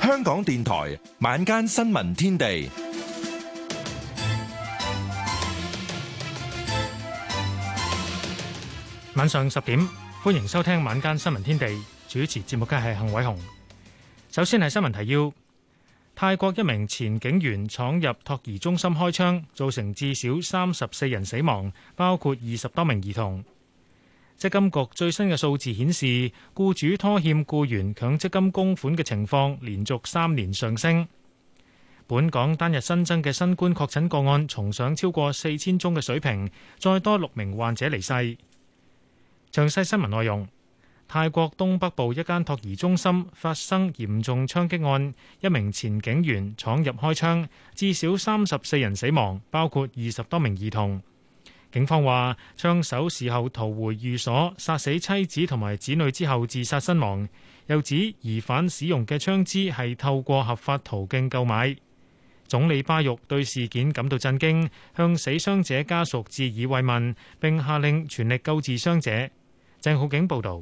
香港電台晚間新聞天地，晚上十點歡迎收聽晚間新聞天地，主持節目嘅係幸偉雄。首先係新聞提要。泰國一名前警員闖入托兒中心開槍，造成至少三十四人死亡，包括二十多名兒童。積金局最新嘅數字顯示，僱主拖欠僱員強積金供款嘅情況連續三年上升。本港單日新增嘅新冠確診個案重上超過四千宗嘅水平，再多六名患者離世。詳細新聞內容。泰國東北部一間託兒中心發生嚴重槍擊案，一名前警員闖入開槍，至少三十四人死亡，包括二十多名兒童。警方話槍手事後逃回寓所，殺死妻子同埋子女之後自殺身亡。又指疑犯使用嘅槍支係透過合法途徑購買。總理巴育對事件感到震驚，向死傷者家屬致以慰問，並下令全力救治傷者。鄭浩景報道。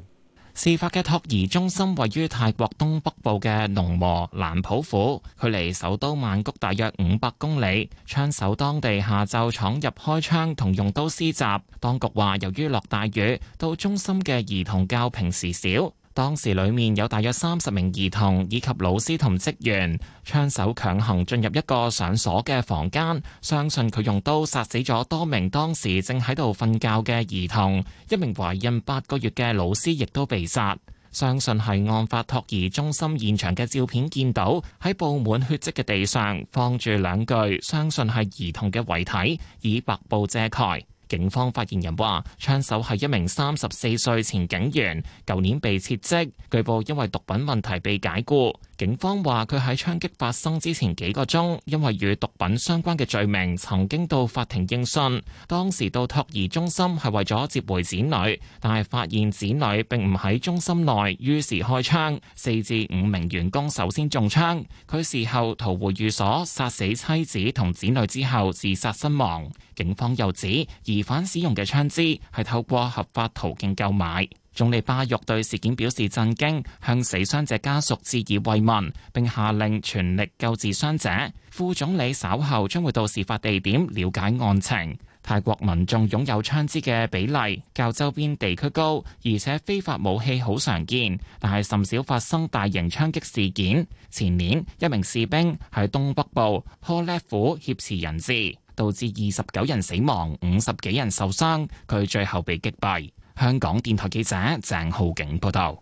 事發嘅託兒中心位於泰國東北部嘅農和蘭普府，距離首都曼谷大約五百公里。槍手當地下晝闖入開槍，同用刀施襲。當局話，由於落大雨，到中心嘅兒童較平時少。當時裡面有大約三十名兒童以及老師同職員，槍手強行進入一個上鎖嘅房間，相信佢用刀殺死咗多名當時正喺度瞓覺嘅兒童，一名懷孕八個月嘅老師亦都被殺。相信係案發托兒中心現場嘅照片見到，喺布滿血跡嘅地上放住兩具，相信係兒童嘅遺體，以白布遮蓋。警方發言人話：槍手係一名三十四歲前警員，舊年被撤職，據報因為毒品問題被解雇。警方話：佢喺槍擊發生之前幾個鐘，因為與毒品相關嘅罪名曾經到法庭應訊。當時到托兒中心係為咗接回子女，但係發現子女並唔喺中心內，於是開槍。四至五名員工首先中槍。佢事後逃回寓所，殺死妻子同子女之後自殺身亡。警方又指，疑犯使用嘅槍支係透過合法途徑購買。總理巴育對事件表示震驚，向死傷者家屬致以慰問，並下令全力救治傷者。副總理稍後將會到事發地點了解案情。泰國民眾擁有槍支嘅比例較周邊地區高，而且非法武器好常見，但係甚少發生大型槍擊事件。前年一名士兵喺東北部呵叻府挾持人質，導致二十九人死亡、五十幾人受傷，佢最後被擊斃。香港電台記者鄭浩景報道，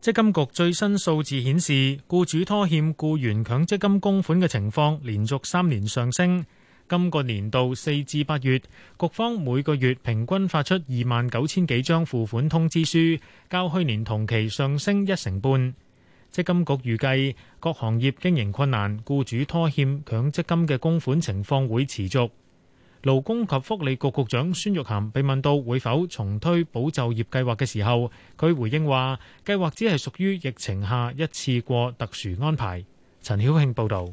積金局最新數字顯示，僱主拖欠僱員強積金供款嘅情況連續三年上升。今個年度四至八月，局方每個月平均發出二萬九千幾張付款通知書，較去年同期上升一成半。積金局預計，各行業經營困難，僱主拖欠強積金嘅供款情況會持續。勞工及福利局局長孫玉菡被問到會否重推保就業計劃嘅時候，佢回應話：計劃只係屬於疫情下一次過特殊安排。陳曉慶報導。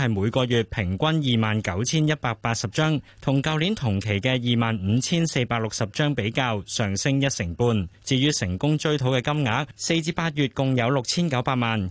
係每個月平均二萬九千一百八十張，同舊年同期嘅二萬五千四百六十張比較，上升一成半。至於成功追討嘅金額，四至八月共有六千九百萬。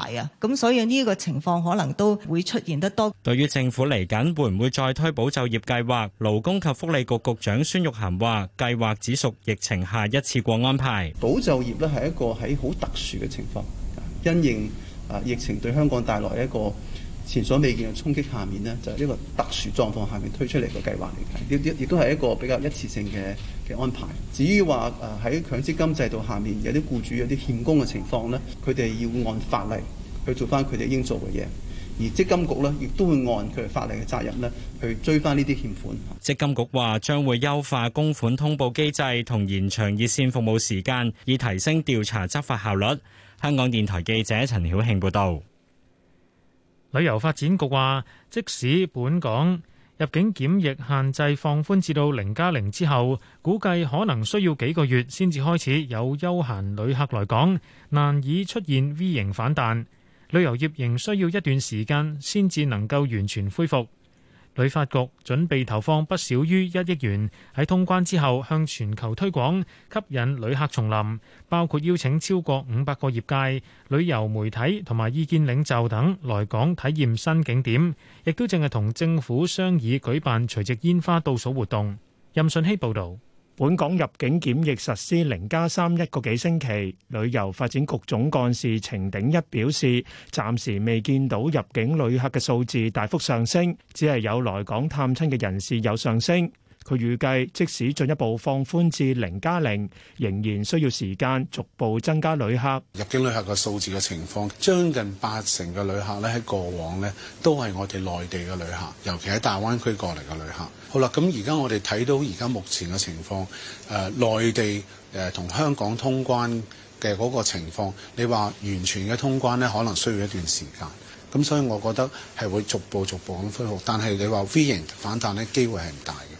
係啊，咁所以呢個情況可能都會出現得多。對於政府嚟緊會唔會再推保就業計劃？勞工及福利局局長孫玉菡話，計劃只屬疫情下一次過安排。保就業咧係一個喺好特殊嘅情況，因應啊疫情對香港帶來一個。前所未見嘅衝擊下面呢，就係呢個特殊狀況下面推出嚟嘅計劃嚟嘅，亦亦都係一個比較一次性嘅嘅安排。至於話誒喺強積金制度下面有啲僱主有啲欠工嘅情況呢，佢哋要按法例去做翻佢哋應做嘅嘢，而積金局呢，亦都會按佢法例嘅責任呢去追翻呢啲欠款。積金局話將會優化供款通報機制同延長熱線服務時間，以提升調查執法效率。香港電台記者陳曉慶報導。旅遊發展局話，即使本港入境檢疫限制放寬至到零加零之後，估計可能需要幾個月先至開始有休閒旅客來港，難以出現 V 型反彈，旅遊業仍需要一段時間先至能夠完全恢復。旅發局準備投放不少於一億元喺通關之後向全球推廣，吸引旅客重臨，包括邀請超過五百個業界、旅遊媒體同埋意見領袖等來港體驗新景點，亦都正係同政府商議舉辦除夕煙花倒數活動。任信希報道。本港入境檢疫實施零加三一個幾星期，旅遊發展局總幹事程鼎一表示，暫時未見到入境旅客嘅數字大幅上升，只係有來港探親嘅人士有上升。佢預計即使進一步放寬至零加零，仍然需要時間逐步增加旅客入境旅客嘅數字嘅情況。將近八成嘅旅客咧喺過往咧都係我哋內地嘅旅客，尤其喺大灣區過嚟嘅旅客。好啦，咁而家我哋睇到而家目前嘅情況誒、呃、內地誒同香港通關嘅嗰個情況，你話完全嘅通關咧，可能需要一段時間，咁所以，我覺得係會逐步逐步咁恢復，但係你話 V 型反彈咧，機會係唔大嘅。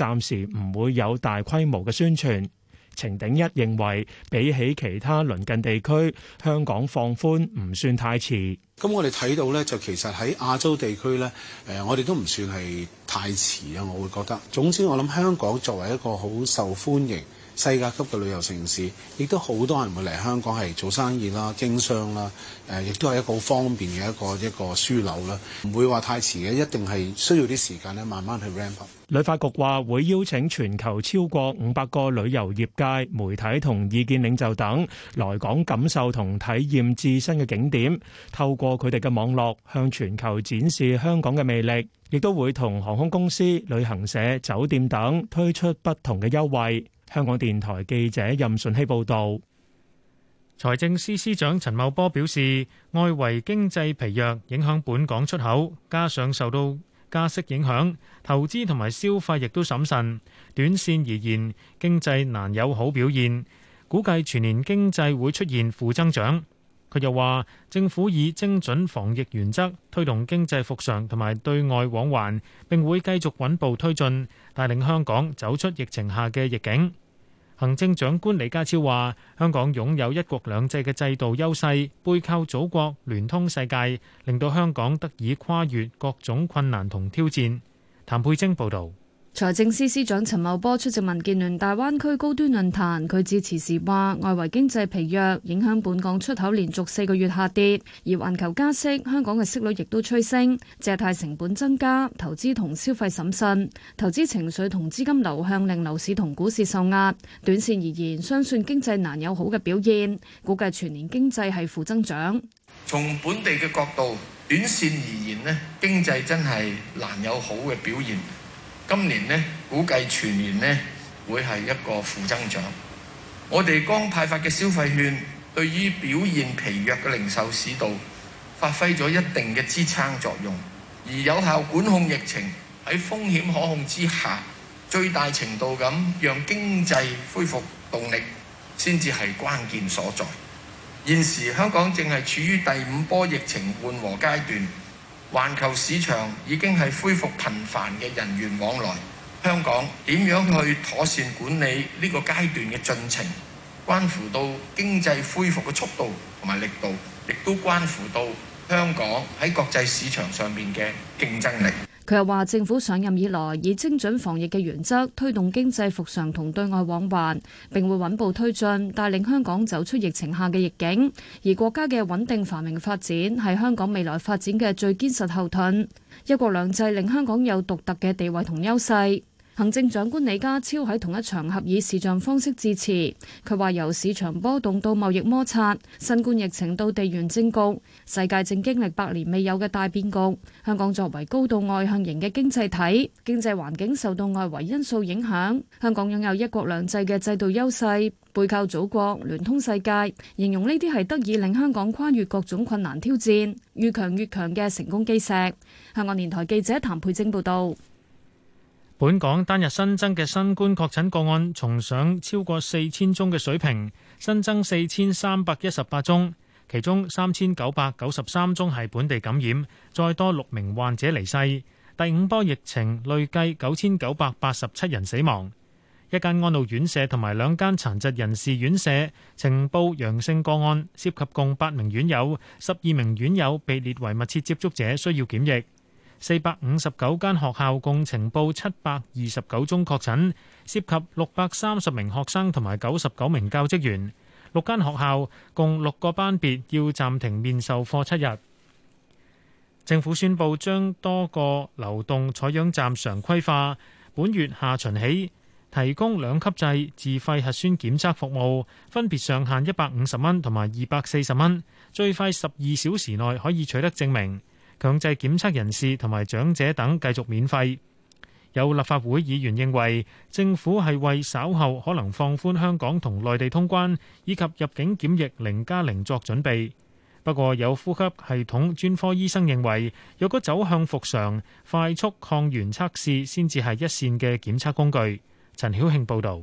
暫時唔會有大規模嘅宣傳。程鼎一認為，比起其他鄰近地區，香港放寬唔算太遲。咁我哋睇到呢，就其實喺亞洲地區呢，誒，我哋都唔算係太遲啊。我會覺得，總之我諗香港作為一個好受歡迎世界級嘅旅遊城市，亦都好多人會嚟香港係做生意啦、經商啦，誒，亦都係一個好方便嘅一個一個樞紐啦，唔會話太遲嘅，一定係需要啲時間咧，慢慢去 ramp up。旅發局話會邀請全球超過五百個旅遊業界、媒體同意見領袖等來港感受同體驗自身嘅景點，透過佢哋嘅網絡向全球展示香港嘅魅力，亦都會同航空公司、旅行社、酒店等推出不同嘅優惠。香港電台記者任順希報導。財政司司長陳茂波表示，外圍經濟疲弱影響本港出口，加上受到加息影響投資同埋消費亦都審慎，短線而言經濟難有好表現，估計全年經濟會出現負增長，佢又話政府以精準防疫原則推動經濟復常同埋對外往還，並會繼續穩步推進帶領香港走出疫情下嘅逆境。行政長官李家超話：香港擁有一國兩制嘅制度優勢，背靠祖國，聯通世界，令到香港得以跨越各種困難同挑戰。譚佩晶報導。財政司司長陳茂波出席民建聯大灣區高端論壇，佢致辭時話：外圍經濟疲弱，影響本港出口連續四個月下跌，而環球加息，香港嘅息率亦都趨升，借貸成本增加，投資同消費審慎，投資情緒同資金流向令樓市同股市受壓。短線而言，相信經濟難有好嘅表現，估計全年經濟係負增長。從本地嘅角度，短線而言咧，經濟真係難有好嘅表現。今年呢，估計全年呢，會係一個負增長。我哋剛派發嘅消費券，對於表現疲弱嘅零售市道，發揮咗一定嘅支撐作用，而有效管控疫情，喺風險可控之下，最大程度咁讓經濟恢復動力，先至係關鍵所在。現時香港正係處於第五波疫情緩和階段。環球市場已經係恢復頻繁嘅人員往來，香港點樣去妥善管理呢個階段嘅進程，關乎到經濟恢復嘅速度同埋力度，亦都關乎到香港喺國際市場上面嘅競爭力。佢又話：政府上任以來，以精準防疫嘅原則推動經濟復常同對外往還，並會穩步推進，帶領香港走出疫情下嘅逆境。而國家嘅穩定繁榮發展係香港未來發展嘅最堅實後盾。一國兩制令香港有獨特嘅地位同優勢。行政長官李家超喺同一場合以視像方式致辭，佢話由市場波動到貿易摩擦、新冠疫情到地緣政局，世界正經歷百年未有嘅大變局。香港作為高度外向型嘅經濟體，經濟環境受到外圍因素影響。香港擁有一國兩制嘅制度優勢，背靠祖國，聯通世界，形容呢啲係得以令香港跨越各種困難挑戰，越強越強嘅成功基石。香港電台記者譚佩晶報道。本港單日新增嘅新冠確診個案重上超過四千宗嘅水平，新增四千三百一十八宗，其中三千九百九十三宗係本地感染，再多六名患者離世。第五波疫情累計九千九百八十七人死亡。一間安老院舍同埋兩間殘疾人士院舍呈報陽性個案，涉及共八名院友，十二名院友被列為密切接觸者，需要檢疫。四百五十九間學校共呈報七百二十九宗確診，涉及六百三十名學生同埋九十九名教職員。六間學校共六個班別要暫停面授課七日。政府宣布將多個流動採樣站常規化，本月下旬起提供兩級制自費核酸檢測服務，分別上限一百五十蚊同埋二百四十蚊，最快十二小時內可以取得證明。強制檢測人士同埋長者等繼續免費。有立法會議員認為，政府係為稍後可能放寬香港同內地通關，以及入境檢疫零加零作準備。不過，有呼吸系統專科醫生認為，若果走向復常，快速抗原測試先至係一線嘅檢測工具。陳曉慶報導。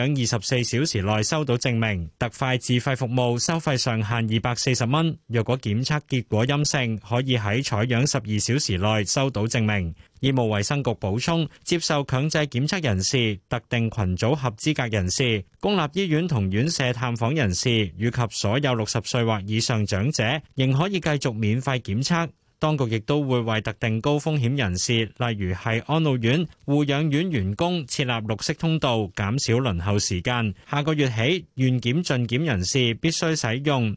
養二十四小時內收到證明，特快自費服務收費上限二百四十蚊。若果檢測結果陰性，可以喺採樣十二小時內收到證明。醫務衛生局補充，接受強制檢測人士、特定群組合資格人士、公立醫院同院舍探訪人士以及所有六十歲或以上長者，仍可以繼續免費檢測。當局亦都會為特定高風險人士，例如係安老院、護養院員工，設立綠色通道，減少輪候時間。下個月起，願檢盡檢人士必須使用，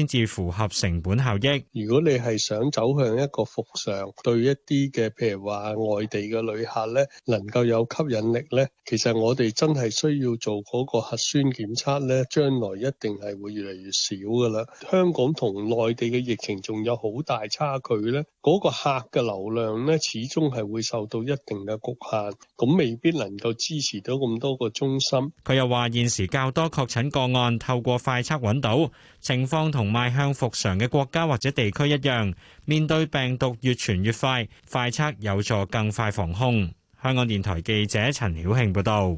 先至符合成本效益。如果你係想走向一個復常，對一啲嘅譬如話外地嘅旅客呢，能夠有吸引力呢，其實我哋真係需要做嗰個核酸檢測呢，將來一定係會越嚟越少㗎喇。香港同內地嘅疫情仲有好大差距呢。嗰個客嘅流量咧，始終係會受到一定嘅局限，咁未必能夠支持到咁多個中心。佢又話：現時較多確診個案透過快測搵到，情況同邁向復常嘅國家或者地區一樣，面對病毒越傳越快，快測有助更快防控。香港電台記者陳曉慶報道。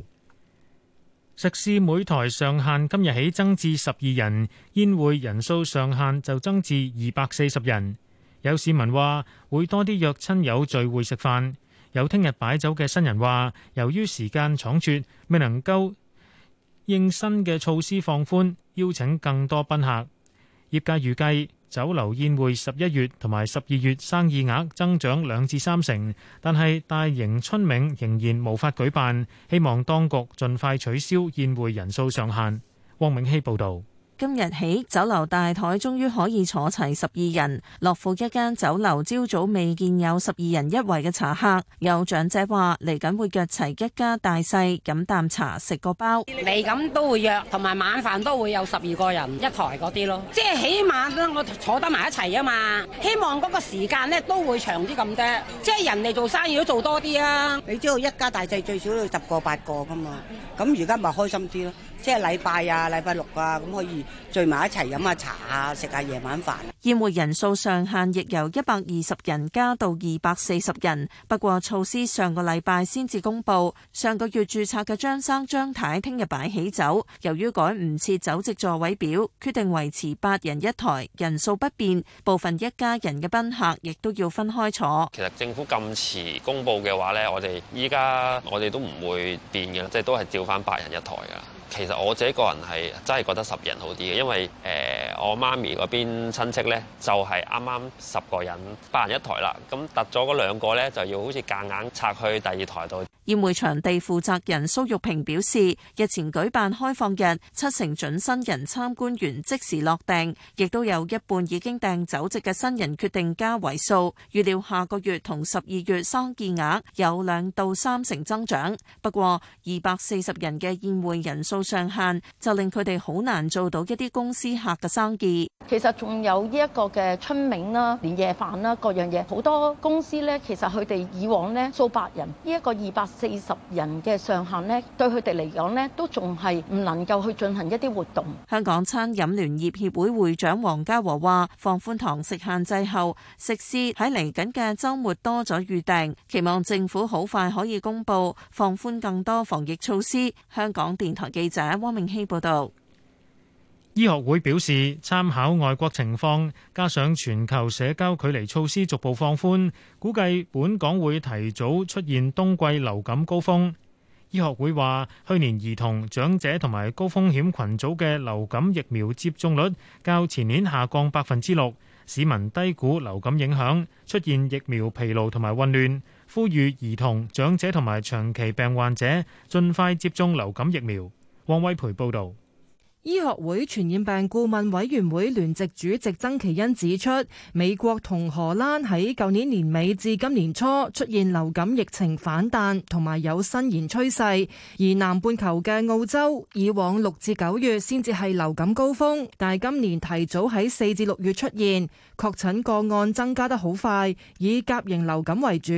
食肆每台上限今日起增至十二人，宴會人數上限就增至二百四十人。有市民話會多啲約親友聚會食飯，有聽日擺酒嘅新人話，由於時間倉促，未能夠應新嘅措施放寬，邀請更多賓客。業界預計酒樓宴會十一月同埋十二月生意額增長兩至三成，但係大型春茗仍然無法舉辦，希望當局盡快取消宴會人數上限。汪永熙報導。今日起，酒樓大台終於可以坐齊十二人。樂富一間酒樓朝早未見有十二人一圍嘅茶客。有長者話：嚟緊會約齊一家大細飲啖茶，食個包。嚟緊都會約，同埋晚飯都會有十二個人一台嗰啲咯。即係起碼我坐得埋一齊啊嘛。希望嗰個時間呢都會長啲咁多。即係人哋做生意都做多啲啊。你知道一家大細最少都要十個八個噶嘛。咁而家咪開心啲咯。即係禮拜啊，禮拜六啊，咁可以聚埋一齊飲下茶啊，食下夜晚飯。宴會人數上限亦由一百二十人加到二百四十人。不過措施上個禮拜先至公佈。上個月註冊嘅張生張太聽日擺喜酒，由於改唔設酒席座位表，決定維持八人一台，人數不變。部分一家人嘅賓客亦都要分開坐。其實政府咁遲公佈嘅話呢，我哋依家我哋都唔會變嘅啦，即係都係照翻八人一台噶。其實我自己個人係真係覺得十人好啲嘅，因為誒、呃、我媽咪嗰邊親戚咧就係啱啱十個人，八人一台啦，咁揼咗嗰兩個咧就要好似夾硬，硬拆去第二台度。宴會場地負責人蘇玉平表示，日前舉辦開放日，七成準新人參觀完即時落訂，亦都有一半已經訂酒席嘅新人決定加位數，預料下個月同十二月生意額有兩到三成增長，不過二百四十人嘅宴會人數。上限就令佢哋好難做到一啲公司客嘅生意。其實仲有呢一個嘅春茗啦、年夜飯啦，各樣嘢好多公司咧。其實，佢哋以往咧數百人，呢、這、一個二百四十人嘅上限咧，對佢哋嚟講咧都仲係唔能夠去進行一啲活動。香港餐飲聯業協,協會會長黃家和話：放寬堂食限制後，食肆喺嚟緊嘅周末多咗預訂，期望政府好快可以公布放寬更多防疫措施。香港電台記。者汪明希報道，醫學會表示，參考外國情況，加上全球社交距離措施逐步放寬，估計本港會提早出現冬季流感高峰。醫學會話，去年兒童、長者同埋高風險群組嘅流感疫苗接種率較前年下降百分之六，市民低估流感影響，出現疫苗疲勞同埋混亂，呼籲兒童、長者同埋長期病患者盡快接種流感疫苗。汪偉培報道，醫學會傳染病顧問委員會聯席主席曾祈殷指出，美國同荷蘭喺舊年年尾至今年初出現流感疫情反彈，同埋有新延趨勢。而南半球嘅澳洲，以往六至九月先至係流感高峰，但係今年提早喺四至六月出現確診個案增加得好快，以甲型流感為主。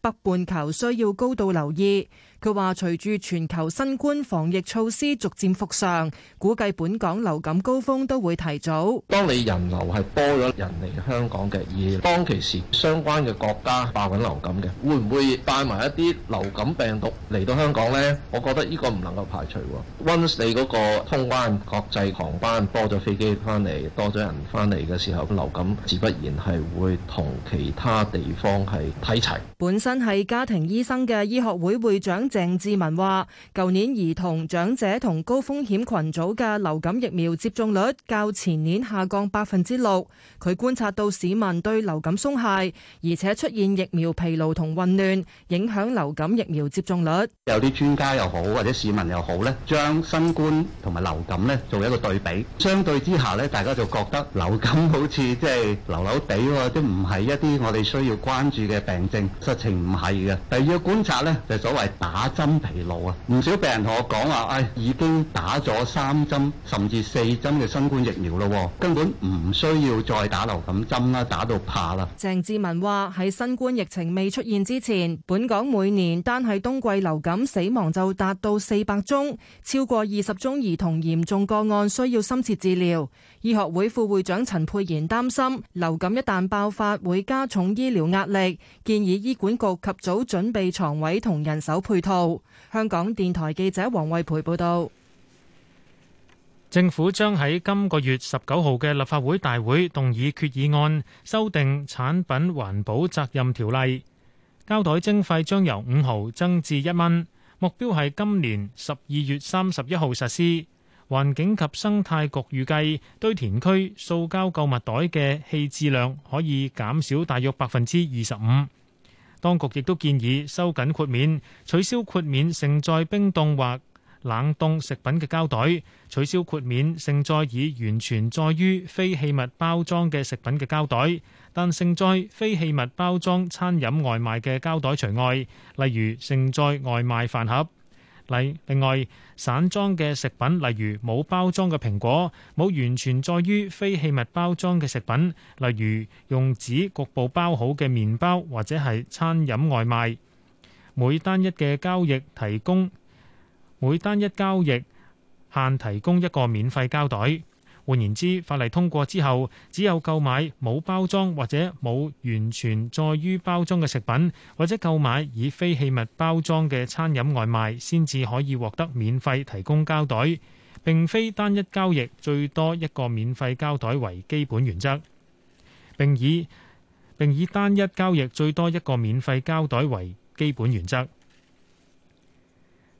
北半球需要高度留意。佢話：隨住全球新冠防疫措施逐漸復上，估計本港流感高峰都會提早。當你人流係多咗人嚟香港嘅，而當其時相關嘅國家爆緊流感嘅，會唔會帶埋一啲流感病毒嚟到香港呢？我覺得呢個唔能夠排除。Once 你嗰個通關國際航班多咗飛機翻嚟，多咗人翻嚟嘅時候，流感自不然係會同其他地方係睇齊。本身係家庭醫生嘅醫學會會長。鄭志文話，舊年兒童、長者同高風險群組嘅流感疫苗接種率較前年下降百分之六。佢觀察到市民對流感鬆懈，而且出現疫苗疲勞同混亂，影響流感疫苗接種率。有啲專家又好，或者市民又好呢，將新冠同埋流感呢做一個對比，相對之下呢，大家就覺得流感好似即係流流哋，都唔係一啲我哋需要關注嘅病症。實情唔係嘅。第二個觀察呢，就所謂打。打針疲勞啊！唔少病人同我講話，唉、哎，已經打咗三針甚至四針嘅新冠疫苗咯，根本唔需要再打流感針啦，打到怕啦。鄭志文話：喺新冠疫情未出現之前，本港每年單係冬季流感死亡就達到四百宗，超過二十宗兒童嚴重個案需要深切治療。醫學會副會長陳佩然擔心流感一旦爆發會加重醫療壓力，建議醫管局及早準備床位同人手配套。後，香港電台記者黃慧培報道，政府將喺今個月十九號嘅立法會大會動議決議案修訂產品環保責任條例，膠袋徵費將由五毫增至一蚊，目標係今年十二月三十一號實施。環境及生態局預計，堆填區塑膠購物袋嘅棄置量可以減少大約百分之二十五。當局亦都建議收緊豁免，取消豁免盛載冰凍或冷凍食品嘅膠袋，取消豁免盛載已完全載於非器物包裝嘅食品嘅膠袋，但盛載非器物包裝餐飲外賣嘅膠袋除外，例如盛載外賣飯盒。例另外，散裝嘅食品，例如冇包裝嘅蘋果，冇完全載於非器物包裝嘅食品，例如用紙局部包好嘅麵包，或者係餐飲外賣。每單一嘅交易提供，每單一交易限提供一個免費膠袋。換言之，法例通過之後，只有購買冇包裝或者冇完全載於包裝嘅食品，或者購買以非器物包裝嘅餐飲外賣，先至可以獲得免費提供膠袋。並非單一交易最多一個免費膠袋為基本原則。並以，並以單一交易最多一個免費膠袋為基本原則。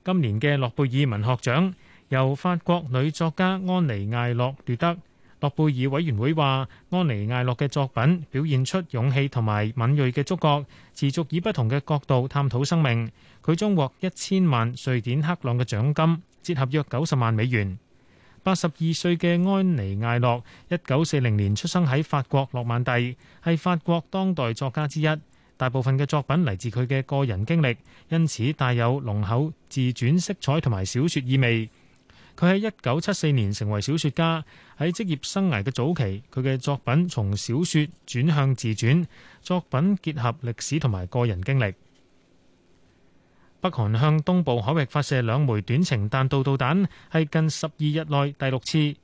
今年嘅諾貝爾文學獎，由法國女作家安妮艾洛奪得。諾貝爾委員會話，安妮艾洛嘅作品表現出勇氣同埋敏鋭嘅觸覺，持續以不同嘅角度探討生命。佢將獲一千萬瑞典克朗嘅獎金，折合約九十萬美元。八十二歲嘅安妮艾洛，一九四零年出生喺法國諾曼蒂，係法國當代作家之一。大部分嘅作品嚟自佢嘅個人經歷，因此帶有濃厚自傳色彩同埋小説意味。佢喺一九七四年成為小說家。喺職業生涯嘅早期，佢嘅作品從小說轉向自傳作品，結合歷史同埋個人經歷。北韓向東部海域發射兩枚短程彈道導彈，係近十二日內第六次。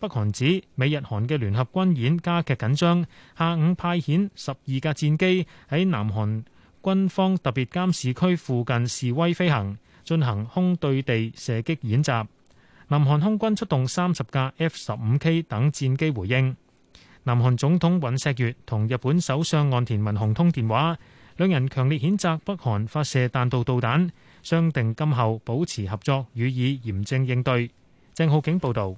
北韓指美日韓嘅聯合軍演加劇緊張，下午派遣十二架戰機喺南韓軍方特別監視區附近示威飛行，進行空對地射擊演習。南韓空軍出動三十架 F 十五 K 等戰機回應。南韓總統尹錫悅同日本首相岸田文雄通電話，兩人強烈譴責北韓發射彈道導彈，商定今後保持合作，予以嚴正應對。鄭浩景報導。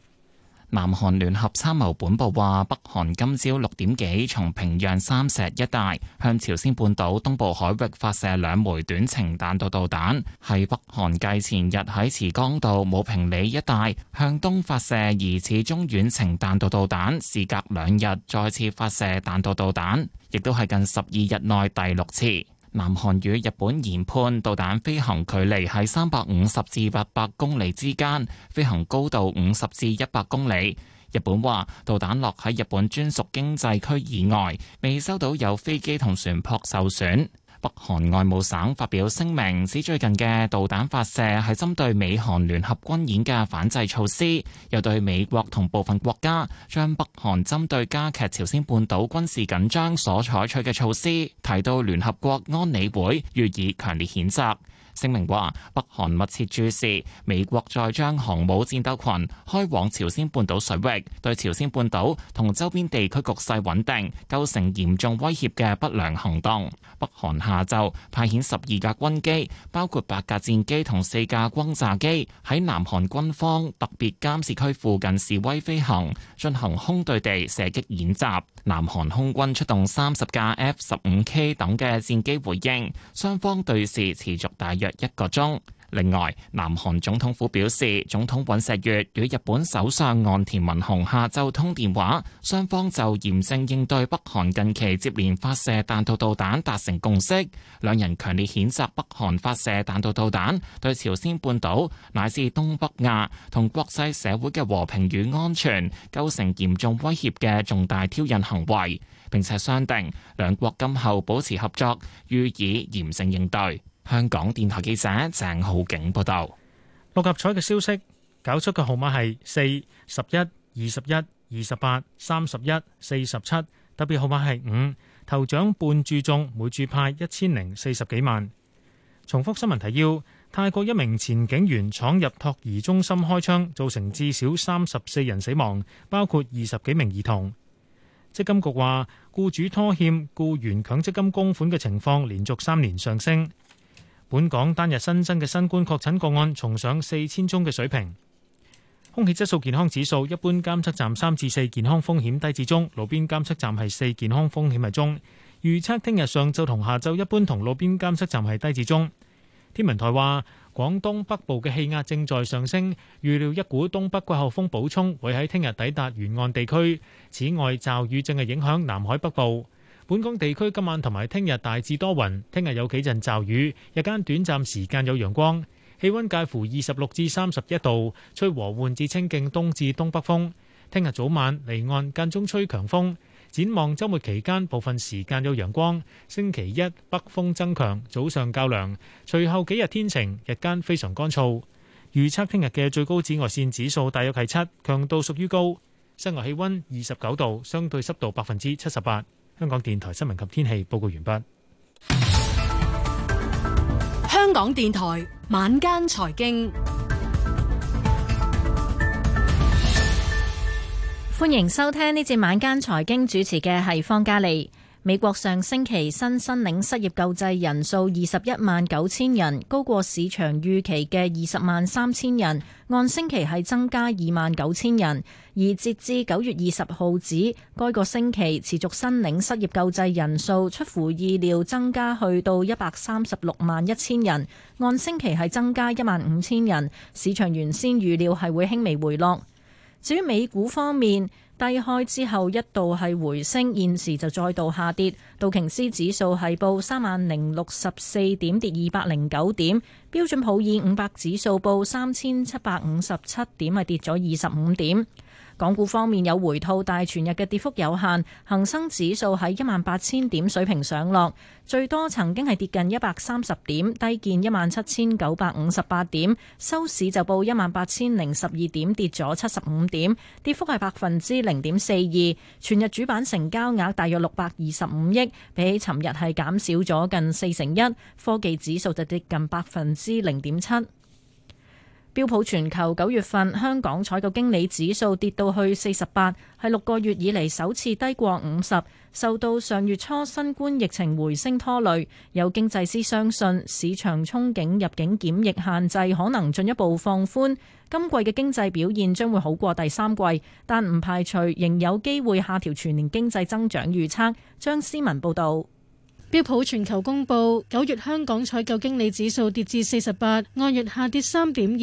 南韓聯合參謀本部話，北韓今朝六點幾從平壤三石一帶向朝鮮半島東部海域發射兩枚短程彈道導彈，係北韓繼前日喺慈江道武平里一帶向東發射疑似中遠程彈道導彈，事隔兩日再次發射彈道導彈，亦都係近十二日內第六次。南韓與日本研判導彈飛行距離喺三百五十至八百公里之間，飛行高度五十至一百公里。日本話導彈落喺日本專屬經濟區以外，未收到有飛機同船舶受損。北韓外務省發表聲明，指最近嘅導彈發射係針對美韓聯合軍演嘅反制措施，又對美國同部分國家將北韓針對加劇朝鮮半島軍事緊張所採取嘅措施，提到聯合國安理會予以強烈譴責。聲明話：北韓密切注視美國再將航母戰鬥群開往朝鮮半島水域，對朝鮮半島同周邊地區局勢穩定構成嚴重威脅嘅不良行動。北韓下晝派遣十二架軍機，包括八架戰機同四架轟炸機，喺南韓軍方特別監視區附近示威飛行，進行空對地射擊演習。南韓空軍出動三十架 F 十五 K 等嘅戰機回應，雙方對峙持續大約一個鐘。另外，南韓總統府表示，總統尹錫悅與日本首相岸田文雄下晝通電話，雙方就嚴正應對北韓近期接連發射彈道導彈達成共識。兩人強烈譴責北韓發射彈道導彈，對朝鮮半島乃至東北亞同國際社會嘅和平與安全構成嚴重威脅嘅重大挑釁行為，並且商定兩國今後保持合作，予以嚴正應對。香港電台記者鄭浩景報道六合彩嘅消息，搞出嘅號碼係四、十一、二十一、二十八、三十一、四十七。特別號碼係五頭獎半注中，每注派一千零四十幾萬。重複新聞提要：泰國一名前警員闖入托兒中心開槍，造成至少三十四人死亡，包括二十幾名兒童。積金局話，雇主拖欠雇員強積金供款嘅情況連續三年上升。本港單日新增嘅新冠確診個案重上四千宗嘅水平。空氣質素健康指數一般監測站三至四健康風險低至中，路邊監測站係四健康風險係中。預測聽日上晝同下晝一般同路邊監測站係低至中。天文台話，廣東北部嘅氣壓正在上升，預料一股東北季候風補充會喺聽日抵達沿岸地區，此外，驟雨正係影響南海北部。本港地區今晚同埋聽日大致多雲，聽日有幾陣驟雨，日間短暫時間有陽光，氣溫介乎二十六至三十一度，吹和緩至清勁東至東北風，聽日早晚離岸間中吹強風，展望周末期間部分時間有陽光，星期一北風增強，早上較涼，隨後幾日天晴，日間非常乾燥。預測聽日嘅最高紫外線指數大約係七，強度屬於高。室外氣溫二十九度，相對濕度百分之七十八。香港電台新聞及天氣報告完畢。香港電台晚間財經，歡迎收聽呢節晚間財經主持嘅係方嘉莉。美國上星期新申領失業救濟人數二十一萬九千人，高過市場預期嘅二十萬三千人，按星期係增加二萬九千人，而截至九月二十號止，該個星期持續申領失業救濟人數出乎意料增加去到一百三十六萬一千人，按星期係增加一萬五千人，市場原先預料係會輕微回落。至於美股方面。低開之後一度係回升，現時就再度下跌。道瓊斯指數係報三萬零六十四點，跌二百零九點。標準普爾五百指數報三千七百五十七點，係跌咗二十五點。港股方面有回吐，但係全日嘅跌幅有限。恒生指數喺一萬八千點水平上落，最多曾經係跌近一百三十點，低見一萬七千九百五十八點，收市就報一萬八千零十二點，跌咗七十五點，跌幅係百分之零點四二。全日主板成交額大約六百二十五億，比起尋日係減少咗近四成一。科技指數就跌近百分之零點七。標普全球九月份香港採購經理指數跌到去四十八，係六個月以嚟首次低過五十，受到上月初新冠疫情回升拖累。有經濟師相信市場憧憬入境檢疫限制可能進一步放寬，今季嘅經濟表現將會好過第三季，但唔排除仍有機會下調全年經濟增長預測。張思文報道。標普全球公布，九月香港採購經理指數跌至四十八，按月下跌三點二，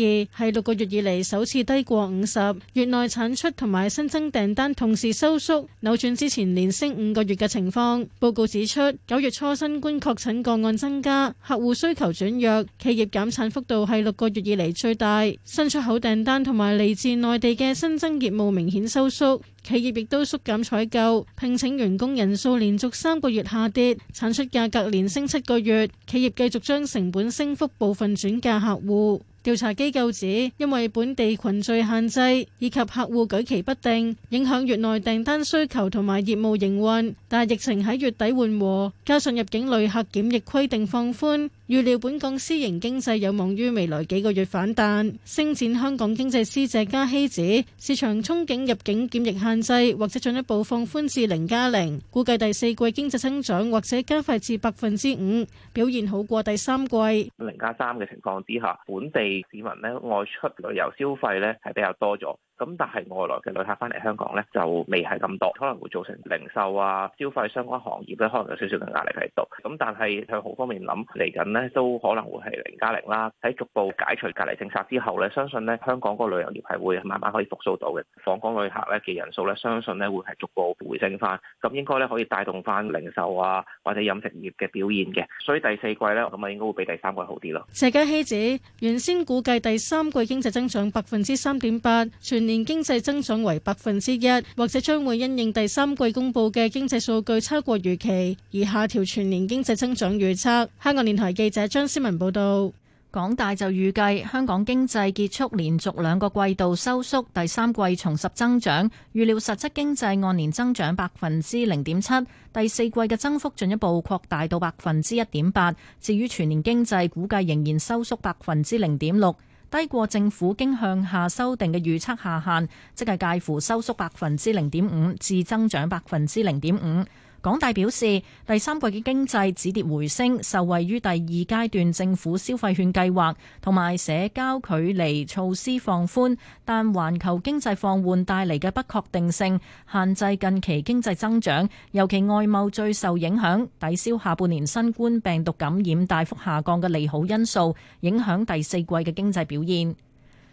係六個月以嚟首次低過五十。月內產出同埋新增訂單同時收縮，扭轉之前連升五個月嘅情況。報告指出，九月初新冠確診個案增加，客戶需求轉弱，企業減產幅度係六個月以嚟最大。新出口訂單同埋嚟自內地嘅新增業務明顯收縮。企業亦都縮減採購，聘請員工人數連續三個月下跌，產出價格連升七個月，企業繼續將成本升幅部分轉嫁客戶。調查機構指，因為本地群聚限制以及客戶舉棋不定，影響月內訂單需求同埋業務營運，但疫情喺月底緩和，加上入境旅客檢疫規定放寬。預料本港私營經濟有望於未來幾個月反彈。星展香港經濟師謝家希指，市場憧憬入境檢疫限制或者進一步放寬至零加零，估計第四季經濟增長或者加快至百分之五，表現好過第三季。零加三嘅情況之下，本地市民呢外出旅遊消費呢係比較多咗，咁但係外來嘅旅客翻嚟香港呢就未係咁多，可能會造成零售啊消費相關行業咧可能有少少嘅壓力喺度。咁但係向好方面諗嚟緊呢。都可能會係零加零啦，喺逐步解除隔離政策之後咧，相信咧香港嗰個旅遊業係會慢慢可以復甦到嘅，訪港旅客咧嘅人數咧，相信咧會係逐步回升返，咁應該咧可以帶動返零售啊或者飲食業嘅表現嘅，所以第四季呢，咁啊應該會比第三季好啲咯。謝家希指原先估計第三季經濟增長百分之三點八，全年經濟增長為百分之一，或者將會因應第三季公佈嘅經濟數據超過預期而下調全年經濟增長預測。香港電台記記者張思文報道，港大就預計香港經濟結束連續兩個季度收縮，第三季重拾增長，預料實質經濟按年增長百分之零點七，第四季嘅增幅進一步擴大到百分之一點八。至於全年經濟估計仍然收縮百分之零點六，低過政府經向下修訂嘅預測下限，即係介乎收縮百分之零點五至增長百分之零點五。港大表示，第三季嘅經濟止跌回升，受惠於第二階段政府消費券計劃同埋社交距離措施放寬，但環球經濟放緩帶嚟嘅不確定性限制近期經濟增長，尤其外貿最受影響，抵消下半年新冠病毒感染大幅下降嘅利好因素，影響第四季嘅經濟表現。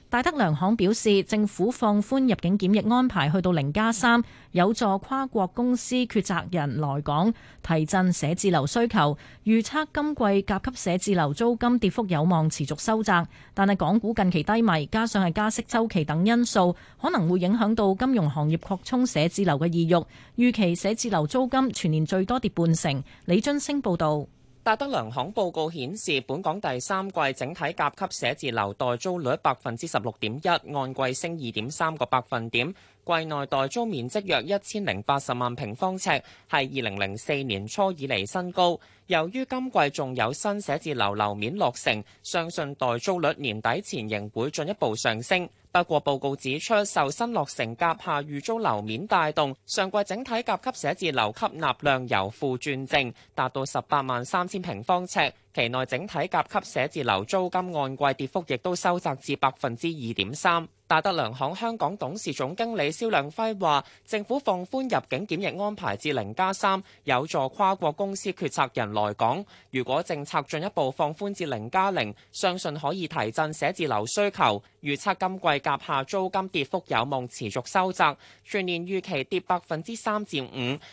大德良行表示，政府放寬入境檢疫安排去到零加三，3, 有助跨國公司決策人來港，提振寫字樓需求。預測今季甲級寫字樓租金跌幅有望持續收窄，但係港股近期低迷，加上係加息週期等因素，可能會影響到金融行業擴充寫字樓嘅意欲。預期寫字樓租金全年最多跌半成。李津升報道。戴德梁行報告顯示，本港第三季整體甲級寫字樓待租率百分之十六點一，按季升二點三個百分點。季內待租面積約一千零八十萬平方尺，係二零零四年初以嚟新高。由於今季仲有新寫字樓樓面落成，相信待租率年底前仍會進一步上升。不過報告指出，受新落成甲下預租樓面帶動，上季整體甲級寫字樓吸納量由負轉正，達到十八萬三千平方尺。期內整體甲級寫字樓租金按季跌幅亦都收窄至百分之二點三。戴德梁行香港董事總經理蕭亮輝話：政府放寬入境檢疫安排至零加三，3，有助跨國公司決策人來港。如果政策進一步放寬至零加零，0，相信可以提振寫字樓需求。預測今季甲下租金跌幅有望持續收窄，全年預期跌百分之三至五。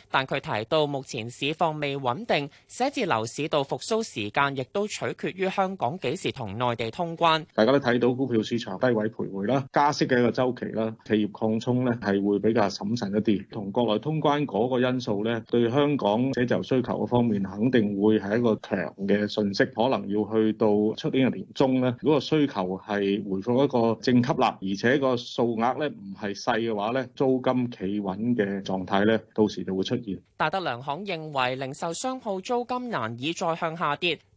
但佢提到目前市況未穩定，寫字樓市道復蘇時間亦都取決於香港幾時同內地通關，大家都睇到股票市場低位徘徊啦，加息嘅一個周期啦，企業擴充咧係會比較審慎一啲。同國內通關嗰個因素咧，對香港寫字樓需求嘅方面肯定會係一個強嘅信息，可能要去到出年嘅年中咧，如果個需求係回復一個。個正吸納，而且個數額咧唔係細嘅話咧，租金企穩嘅狀態咧，到時就會出現。大德良行認為零售商鋪租金難以再向下跌。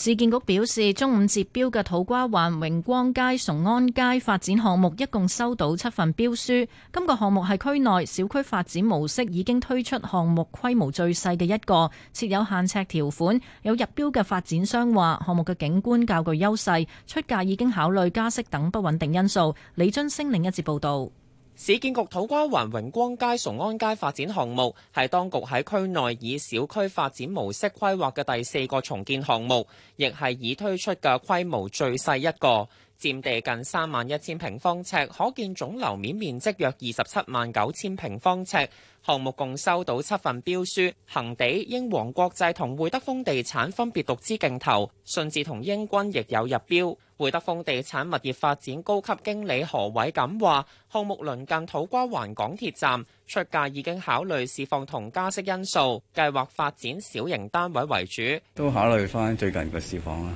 市建局表示，中午截標嘅土瓜灣榮光街崇安街發展項目，一共收到七份標書。今個項目係區內小區發展模式已經推出項目規模最細嘅一個，設有限呎條款。有入標嘅發展商話，項目嘅景觀較具優勢，出價已經考慮加息等不穩定因素。李津星另一節報導。市建局土瓜灣榮光街崇安街發展項目係當局喺區內以小區發展模式規劃嘅第四個重建項目，亦係已推出嘅規模最細一個，佔地近三萬一千平方尺，可建總樓面面積約二十七萬九千平方尺。項目共收到七份標書，恒地、英皇國際同匯德豐地產分別獨資競投，順治同英軍亦有入標。匯德豐地產物業發展高級經理何偉錦話，項目鄰近土瓜灣港鐵站，出價已經考慮市況同加息因素，計劃發展小型單位為主。都考慮翻最近個市況啦。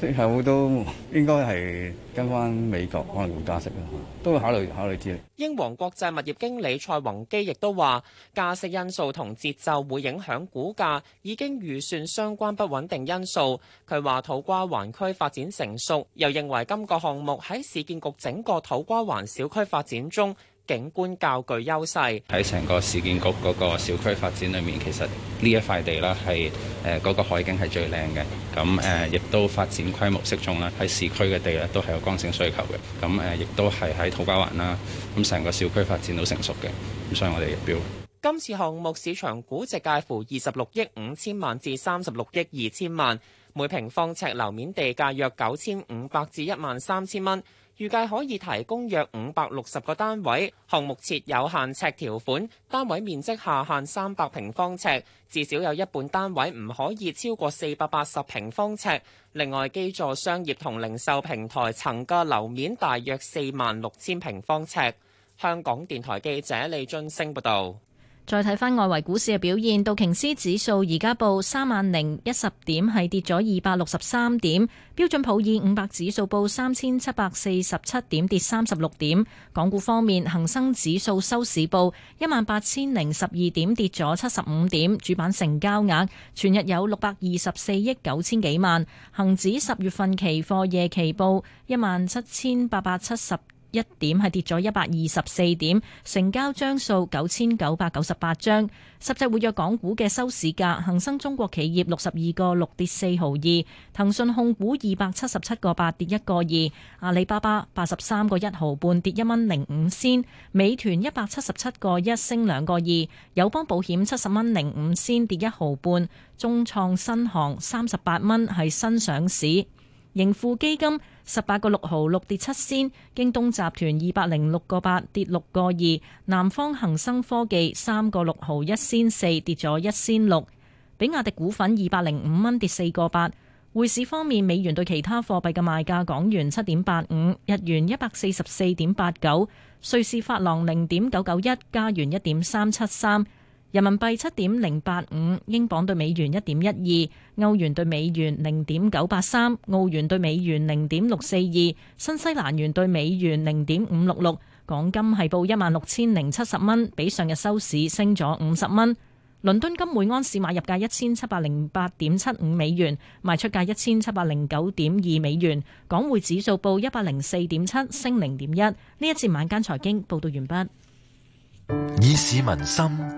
出口都應該係跟翻美國可能會加息啦，都會考慮考慮啲。英皇國際物業經理蔡宏基亦都話。加息因素同節奏會影響股價，已經預算相關不穩定因素。佢話：土瓜灣區發展成熟，又認為今個項目喺市建局整個土瓜灣小區發展中景觀較具優勢。喺成個市建局嗰個小區發展裏面，其實呢一塊地啦係誒嗰個海景係最靚嘅。咁誒亦都發展規模適中啦。喺市區嘅地咧都係有剛性需求嘅。咁誒亦都係喺土瓜灣啦。咁成個小區發展到成熟嘅，咁所以我哋入標。今次項目市場估值介乎二十六億五千萬至三十六億二千萬，每平方尺樓面地價約九千五百至一萬三千蚊。預計可以提供約五百六十個單位。項目設有限尺條款，單位面積下限三百平方尺，至少有一半單位唔可以超過四百八十平方尺。另外，基座商業同零售平台層嘅樓面大約四萬六千平方尺。香港電台記者李津升報道。再睇翻外圍股市嘅表現，道瓊斯指數而家報三萬零一十點，係跌咗二百六十三點；標準普爾五百指數報三千七百四十七點，跌三十六點。港股方面，恒生指數收市報一萬八千零十二點，跌咗七十五點。主板成交額全日有六百二十四億九千幾萬。恒指十月份期貨夜期報一萬七千八百七十，一點係跌咗一百二十四點，成交張數九千九百九十八張。十隻活躍港股嘅收市價，恒生中國企業六十二個六跌四毫二，騰訊控股二百七十七個八跌一個二，阿里巴巴八十三個一毫半跌一蚊零五仙，美團一百七十七個一升兩個二，友邦保險七十蚊零五仙跌一毫半，中創新航三十八蚊係新上市。盈富基金十八個六毫六跌七仙，京東集團二百零六個八跌六個二，南方恒生科技三個六毫一仙四跌咗一仙六，比亞迪股份二百零五蚊跌四個八。匯市方面，美元對其他貨幣嘅賣價，港元七點八五，日元一百四十四點八九，瑞士法郎零點九九一，加元一點三七三。人民幣七點零八五，英鎊兌美元一點一二，歐元兌美元零點九八三，澳元兌美元零點六四二，新西蘭元兌美元零點五六六。港金係報一萬六千零七十蚊，比上日收市升咗五十蚊。倫敦金每安士買入價一千七百零八點七五美元，賣出價一千七百零九點二美元。港匯指數報一百零四點七，升零點一。呢一節晚間財經報道完畢。以市民心。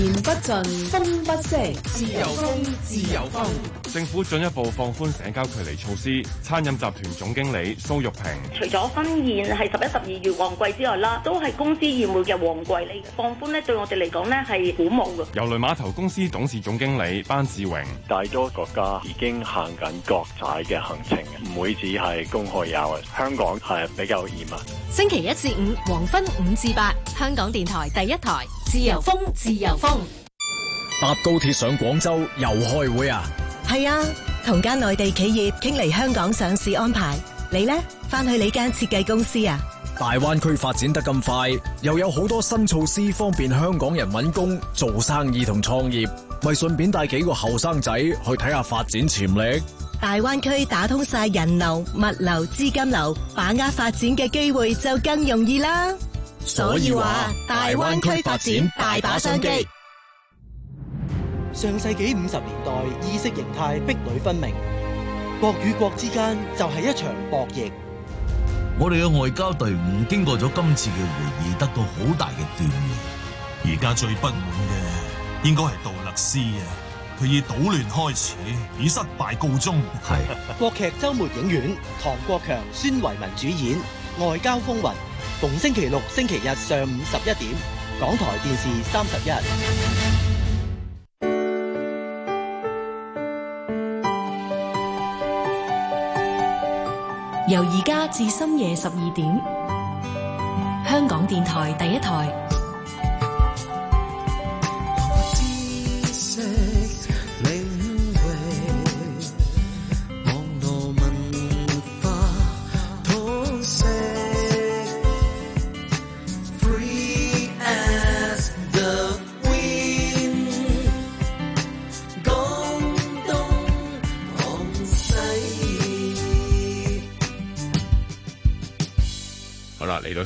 言不盡，風不息，自由風，自由風，自由風。政府進一步放寬社交距離措施。餐飲集團總經理蘇玉平：除咗婚宴係十一、十二月旺季之外啦，都係公司宴會嘅旺季。你放寬咧，對我哋嚟講咧係鼓舞嘅。郵輪碼頭公司董事總經理班志榮：大多國家已經行緊國際嘅行程，唔會只係公開遊啊。香港係比較嚴啊。星期一至五黃昏五至八，香港電台第一台自由風自由，風、自由風搭高鐵上廣州又開會啊！係啊，同間內地企業傾嚟香港上市安排。你呢？翻去你間設計公司啊？大灣區發展得咁快，又有好多新措施方便香港人揾工、做生意同創業，咪順便帶幾個後生仔去睇下發展潛力。大灣區打通晒人流、物流、資金流，把握發展嘅機會就更容易啦。所以話，大灣區發展大把商機。上世紀五十年代意識形態壁壘分明，國與國之間就係一場博弈。我哋嘅外交隊伍經過咗今次嘅會議，得到好大嘅鍛鍊。而家最不滿嘅應該係杜勒斯啊！佢以搗亂開始，以失敗告終。係是 國劇週末影院，唐國強、孫維民主演《外交風雲》，逢星期六、星期日上午十一點，港台電視三十一。由而家至深夜十二點，香港電台第一台。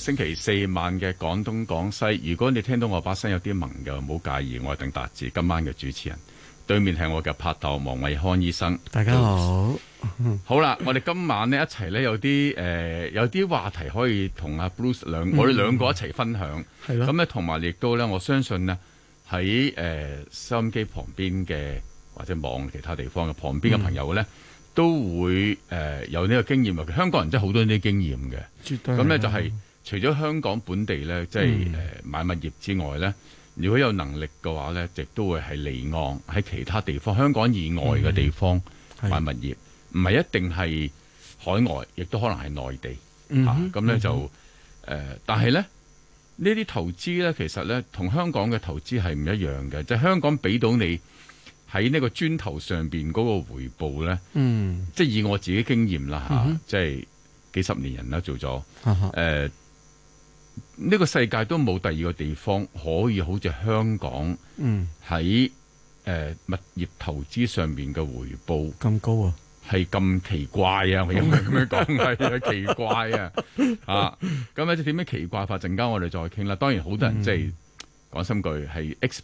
星期四晚嘅廣東廣西，如果你聽到我把聲有啲蒙嘅，唔好介意，我一定達志，今晚嘅主持人。對面係我嘅拍檔王偉康醫生。大家好，oh. 好啦，我哋今晚咧一齊咧有啲誒，有啲，呃、話題可以同阿 Bruce 兩，嗯，我哋兩個一齊分享。係咁咧同埋亦都咧，我相信咧喺誒收音機旁邊嘅或者望其他地方嘅旁邊嘅朋友咧，嗯，都會誒、呃、有呢個經驗啊！香港人真係好多呢啲經驗嘅，絕對咁咧就係，是。嗯除咗香港本地呢，即係買物業之外呢，嗯、如果有能力嘅話呢，亦都會係離岸喺其他地方，香港以外嘅地方、嗯、買物業，唔係的一定係海外，亦都可能係內地嚇。咁呢、嗯哼啊、就誒的、呃，但係呢，呢啲投資呢，其實呢，同香港嘅投資係唔一樣嘅，即係香港俾到你喺呢個磚頭上邊嗰個回報呢，嗯，即係以我自己經驗啦吓，嗯、哼即係幾十年人啦做咗誒。呃嗯嗯嗯呢個世界都冇第二個地方可以好似香港，喺誒、嗯呃、物業投資上面嘅回報咁高啊，係咁奇怪啊，我應該咁樣講，係啊，奇怪啊， 啊，咁咧即係點樣奇怪法？陣間我哋再傾啦。當然好多人即、就、係、是嗯、講心句係 X。